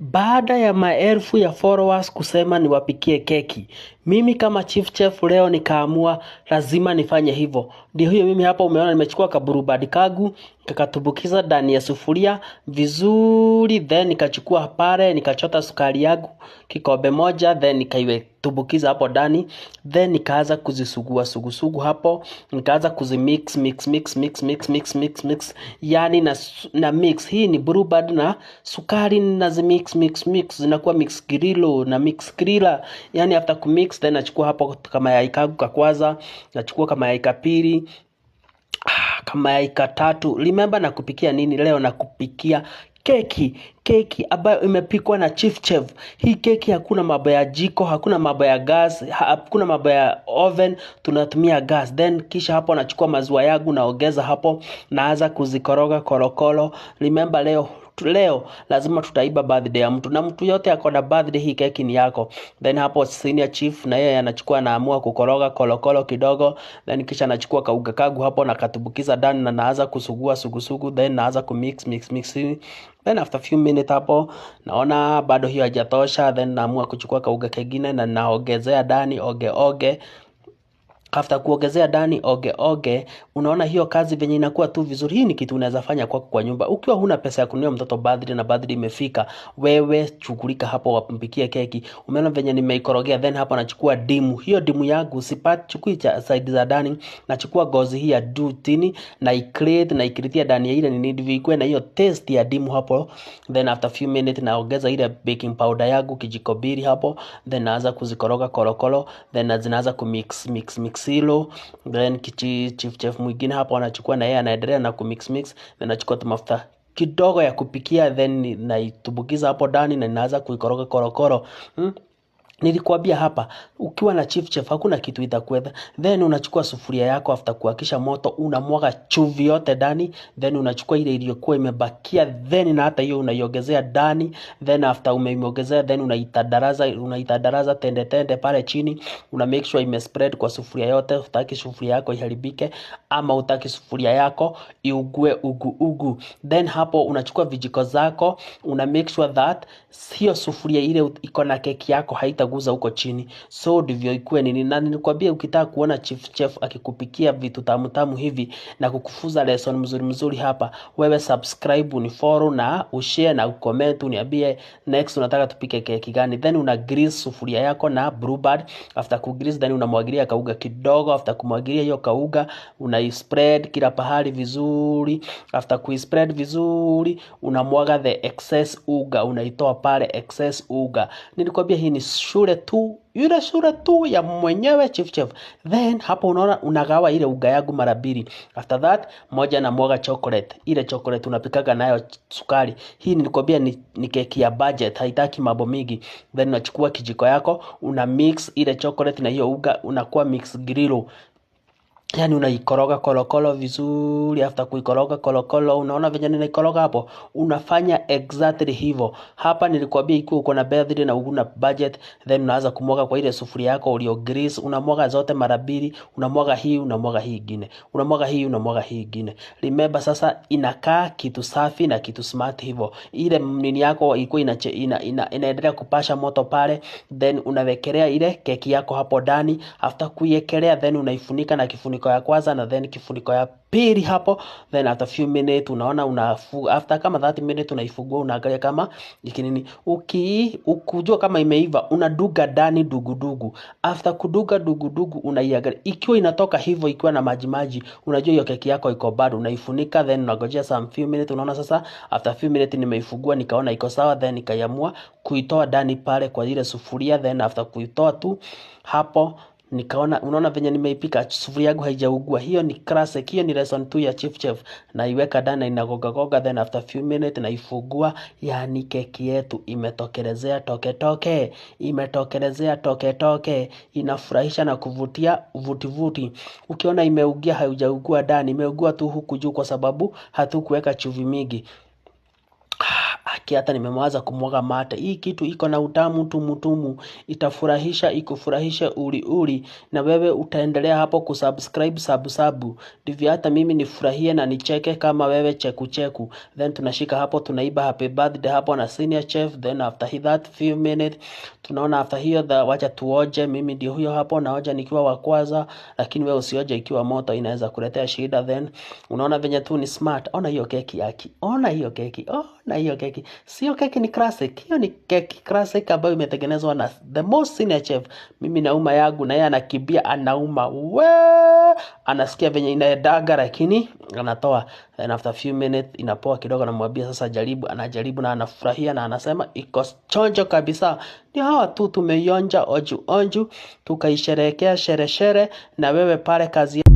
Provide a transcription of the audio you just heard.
Baada ya maelfu ya followers kusema niwapikie keki, mimi kama Chief Chef leo nikaamua lazima nifanye hivyo. Ndio hiyo mimi hapa umeona nimechukua kaburubadi kagu, nikakatumbukiza ndani ya sufuria vizuri, then nikachukua pale nikachota sukari yangu kikombe moja, then nikaiweka kutumbukiza hapo ndani, then nikaanza kuzisugua sugu sugu hapo, nikaanza kuzimix mix mix mix mix mix mix mix, yani na, na mix hii ni bluebird na sukari na zimix mix mix, zinakuwa mix grillo na mix grilla. yani after ku mix, then nachukua hapo kama yai kangu ka kwanza, nachukua kama yai ka pili ah, kama yaika tatu. Remember nakupikia nini leo? Nakupikia keki keki ambayo imepikwa na chief chef hii keki hakuna mambo ya jiko hakuna mambo ya gas hakuna mambo ya oven tunatumia gas then kisha hapo nachukua maziwa yangu naongeza hapo naanza kuzikoroga korokoro remember leo leo lazima tutaiba birthday ya mtu na mtu yote ako na birthday, hii keki ni yako. Then hapo senior chief na yeye anachukua anaamua kukoroga kolokolo kidogo, then kisha anachukua kauga kagu hapo na katubukiza ndani na naanza kusugua sugusugu, then naanza kumix mix mix mix then after few minutes hapo naona bado hiyo hajatosha, then naamua kuchukua kauga kengine na naongezea ndani oge oge. After kuongezea dani oge oge, unaona hiyo kazi venye inakuwa tu vizuri. Hii ni kitu unaweza fanya kwako kwa nyumba, ukiwa huna pesa ya kununua mtoto birthday na birthday imefika, wewe chukulika hapo, wapimpikie keki. Umeona venye nimeikorogea, then hapo nachukua dimu. Hiyo dimu yangu sipati chukui cha side za dani, nachukua gozi hii ya dutini na icreate na ikritia dani ile ni need vikwe na hiyo taste ya dimu hapo, then after few minutes naongeza ile baking powder yangu kijiko mbili hapo, then naanza kuzikoroga korokoro, then zinaanza kumix mix mix Maxilo, then kichi, chief chef mwingine hapo anachukua na yeye anaendelea na kumix mix, then anachukua tumafuta kidogo ya kupikia then naitumbukiza hapo ndani na ninaanza kuikoroga korokoro hmm? Nilikwambia hapa ukiwa na chief chef hakuna kitu itakwenda. Then unachukua sufuria yako after kuhakisha moto unamwaga chumvi yote ndani, then unachukua ile iliyokuwa imebakia, then na hata hiyo unaiongezea ndani, then after umeiongezea, then unaitadaraza unaitadaraza tende tende pale chini, una make sure ime spread kwa sufuria yote. Utaki sufuria yako iharibike ama utaki sufuria yako iugue ugu ugu. Then hapo unachukua vijiko zako, una make sure that hiyo sufuria ile iko na keki yako haita utaguza huko chini. So ndivyo ikuwe nini, na nilikwambia ukitaka kuona chief chef akikupikia vitu tamu tamu hivi na kukufuza lesson mzuri mzuri hapa, wewe subscribe, ni follow na ushare na ucomment, uniambie next unataka tupike keki gani, then una grease sufuria yako na blue bluebird. After ku grease, then unamwagilia kauga kidogo. After kumwagilia hiyo kauga, una spread kila pahali vizuri. After ku spread vizuri, unamwaga the excess uga, unaitoa pale excess uga. Nilikwambia hii ni shule tu yule shule tu ya mwenyewe chief chief. Then hapo unaona unagawa ile yangu mara mbili. After that moja na mwaga chocolate. Ile chocolate unapikaga nayo sukari. Hii nilikwambia ni, ni keki ya budget, haitaki mambo mingi. Then unachukua kijiko yako una mix ile chocolate na hiyo uga unakuwa mix grillo yani unaikoroga kolokolo vizuri. After kuikoroga kolokolo, unaona venye ninaikoroga hapo, unafanya exactly hivyo. Hapa nilikwambia ikiwa uko na birthday na uko na budget, then unaanza kumwaga kwa ile sufuri yako ulio grease, unamwaga zote mara mbili, unamwaga hii, unamwaga hii nyingine unamwaga hii, unamwaga hii nyingine Remember sasa, inakaa kitu safi na kitu smart hivyo. Ile nini yako ilikuwa ina, ina, ina, inaendelea kupasha moto pale, then unawekelea ile keki yako hapo ndani. After kuiwekelea then unaifunika na kifuniko kifuniko ya kwanza na then kifuniko ya pili hapo, then after few minutes unaona unafu, after kama 30 minutes unaifungua unaangalia kama ikinini, uki ukujua kama imeiva unaduga ndani dugu. After kuduga dugu dugu, unaiangalia ikiwa inatoka hivyo ikiwa na maji maji, unajua hiyo keki yako iko bado, unaifunika then unagojea some few minutes. Unaona sasa after few minutes nimeifungua nikaona iko sawa, then nikaiamua kuitoa ndani pale kwa ile sufuria, then after kuitoa tu hapo nikaona unaona venye nimeipika sufuria yangu haijaugua hiyo ni classic hiyo ni lesson 2 ya chief chef na iweka ndani inagoga goga then after few minutes naifungua yani keki yetu imetokelezea toke toke. imetokelezea toke toke. inafurahisha na kuvutia vuti vuti ukiona imeugia haujaugua ndani imeugua tu huku juu kwa sababu hatukuweka chuvi mingi Aki hata nimemwaza kumwaga mate. Hii kitu iko na utamu tumutumu, itafurahisha ikufurahisha uri uri, na wewe utaendelea hapo kusubscribe sabusabu, ndivyo hata mimi nifurahie na nicheke kama wewe cheku cheku. Then tunashika hapo tunaiba happy birthday hapo na senior chef, then after that few minutes tunaona after hiyo the, wacha tuoje. Mimi ndio huyo hapo naoja nikiwa wa kwanza, lakini wewe usioje ikiwa moto, inaweza kuletea shida. Then unaona venye tu ni smart. Ona hiyo keki yake, ona hiyo keki, ona hiyo keki keki sio keki ni classic hiyo ni keki classic ambayo imetengenezwa na the most senior chef mimi nauma yangu na yeye anakimbia anauma we anasikia venye inaedaga lakini anatoa and after few minutes inapoa kidogo na anamwambia sasa jaribu anajaribu na anafurahia na anasema iko chonjo kabisa ni hawa tu tumeionja oju onju tukaisherekea sherehe shere, na wewe pale kazi